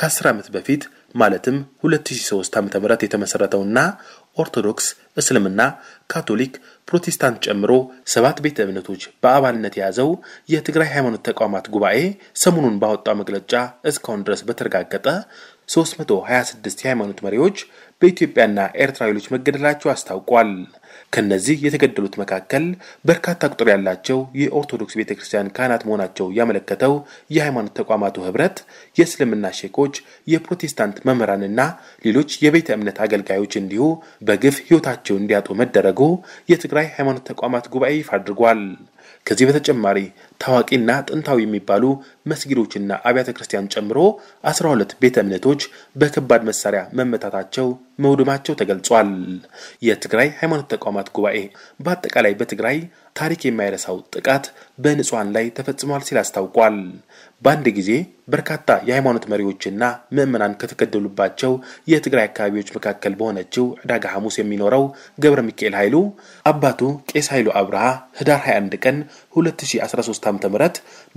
ከ10 ዓመት በፊት ማለትም 2003 ዓ.ም የተመሰረተውና ኦርቶዶክስ፣ እስልምና፣ ካቶሊክ፣ ፕሮቴስታንት ጨምሮ ሰባት ቤተ እምነቶች በአባልነት የያዘው የትግራይ ሃይማኖት ተቋማት ጉባኤ ሰሞኑን ባወጣው መግለጫ እስካሁን ድረስ በተረጋገጠ 326 የሃይማኖት መሪዎች በኢትዮጵያና ኤርትራ ኃይሎች መገደላቸው አስታውቋል። ከነዚህ የተገደሉት መካከል በርካታ ቁጥር ያላቸው የኦርቶዶክስ ቤተ ክርስቲያን ካህናት መሆናቸው ያመለከተው የሃይማኖት ተቋማቱ ህብረት የእስልምና ሼኮች፣ የፕሮቴስታንት መምህራንና ሌሎች የቤተ እምነት አገልጋዮች እንዲሁ በግፍ ህይወታቸው እንዲያጡ መደረጉ የትግራይ ሃይማኖት ተቋማት ጉባኤ ይፋ አድርጓል። ከዚህ በተጨማሪ ታዋቂና ጥንታዊ የሚባሉ መስጊዶችና አብያተ ክርስቲያን ጨምሮ 12 ቤተ እምነቶች በከባድ መሳሪያ መመታታቸው መውደማቸው ተገልጿል። የትግራይ ሃይማኖት ተቋማት ጉባኤ በአጠቃላይ በትግራይ ታሪክ የማይረሳው ጥቃት በንጹሐን ላይ ተፈጽሟል ሲል አስታውቋል። በአንድ ጊዜ በርካታ የሃይማኖት መሪዎችና ምዕመናን ከተገደሉባቸው የትግራይ አካባቢዎች መካከል በሆነችው ዕዳጋ ሐሙስ የሚኖረው ገብረ ሚካኤል ኃይሉ አባቱ ቄስ ኃይሉ አብርሃ ህዳር 21 ቀን 2013 ዓ ም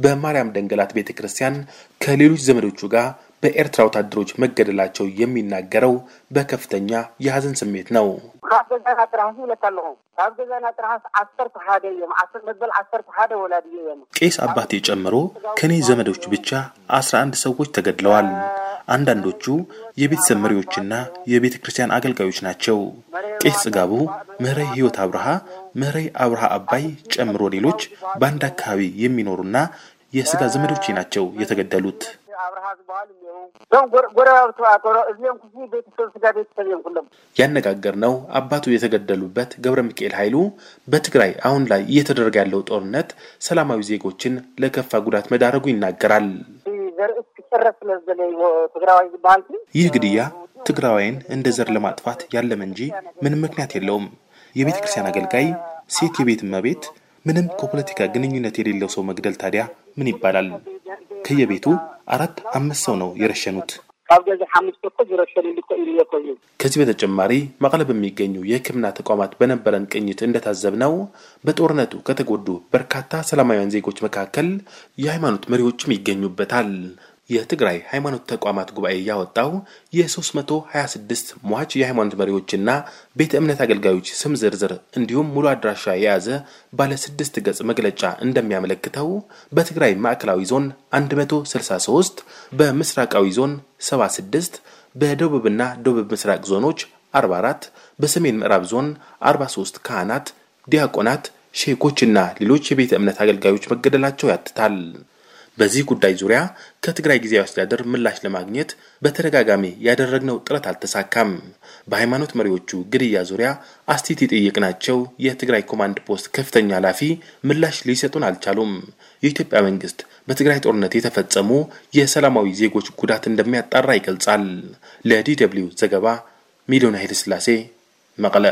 በማርያም ደንገላት ቤተ ክርስቲያን ከሌሎች ዘመዶቹ ጋር በኤርትራ ወታደሮች መገደላቸው የሚናገረው በከፍተኛ የሀዘን ስሜት ነው። ካብ ገዛና ኣለኹ ካብ ገዛና ዓሰርተ ሓደ እዮም መበል ዓሰርተ ሓደ ወላድ እዮም ቄስ አባቴ ጨምሮ ከኔ ዘመዶች ብቻ አስራ አንድ ሰዎች ተገድለዋል። አንዳንዶቹ የቤተሰብ መሪዎችና የቤተ ክርስቲያን አገልጋዮች ናቸው። ቄስ ጽጋቡ፣ ምህረይ ህይወት አብርሃ፣ ምህረይ አብርሃ አባይ ጨምሮ ሌሎች በአንድ አካባቢ የሚኖሩና የስጋ ዘመዶቼ ናቸው የተገደሉት። ያነጋገር ነው አባቱ የተገደሉበት ገብረ ሚካኤል ኃይሉ በትግራይ አሁን ላይ እየተደረገ ያለው ጦርነት ሰላማዊ ዜጎችን ለከፋ ጉዳት መዳረጉ ይናገራል። ይህ ግድያ ትግራዋይን እንደ ዘር ለማጥፋት ያለም እንጂ ምንም ምክንያት የለውም። የቤተ ክርስቲያን አገልጋይ፣ ሴት የቤት እመቤት፣ ምንም ከፖለቲካ ግንኙነት የሌለው ሰው መግደል ታዲያ ምን ይባላል? ከየቤቱ አራት አምስት ሰው ነው የረሸኑት። ከዚህ በተጨማሪ መቀለ በሚገኙ የሕክምና ተቋማት በነበረን ቅኝት እንደታዘብነው በጦርነቱ ከተጎዱ በርካታ ሰላማዊያን ዜጎች መካከል የሃይማኖት መሪዎችም ይገኙበታል። የትግራይ ሃይማኖት ተቋማት ጉባኤ ያወጣው የ326 ሟች የሃይማኖት መሪዎችና ቤተ እምነት አገልጋዮች ስም ዝርዝር እንዲሁም ሙሉ አድራሻ የያዘ ባለ ስድስት ገጽ መግለጫ እንደሚያመለክተው በትግራይ ማዕከላዊ ዞን 163፣ በምስራቃዊ ዞን 76፣ በደቡብና ደቡብ ምስራቅ ዞኖች 44፣ በሰሜን ምዕራብ ዞን 43 ካህናት፣ ዲያቆናት፣ ሼኮችና ሌሎች የቤተ እምነት አገልጋዮች መገደላቸው ያትታል። በዚህ ጉዳይ ዙሪያ ከትግራይ ጊዜያዊ አስተዳደር ምላሽ ለማግኘት በተደጋጋሚ ያደረግነው ጥረት አልተሳካም። በሃይማኖት መሪዎቹ ግድያ ዙሪያ አስቲት ናቸው የትግራይ ኮማንድ ፖስት ከፍተኛ ኃላፊ ምላሽ ሊሰጡን አልቻሉም። የኢትዮጵያ መንግስት በትግራይ ጦርነት የተፈጸሙ የሰላማዊ ዜጎች ጉዳት እንደሚያጣራ ይገልጻል። ለዲ ደብልዩ ዘገባ ሚሊዮን ስላሴ መቀለ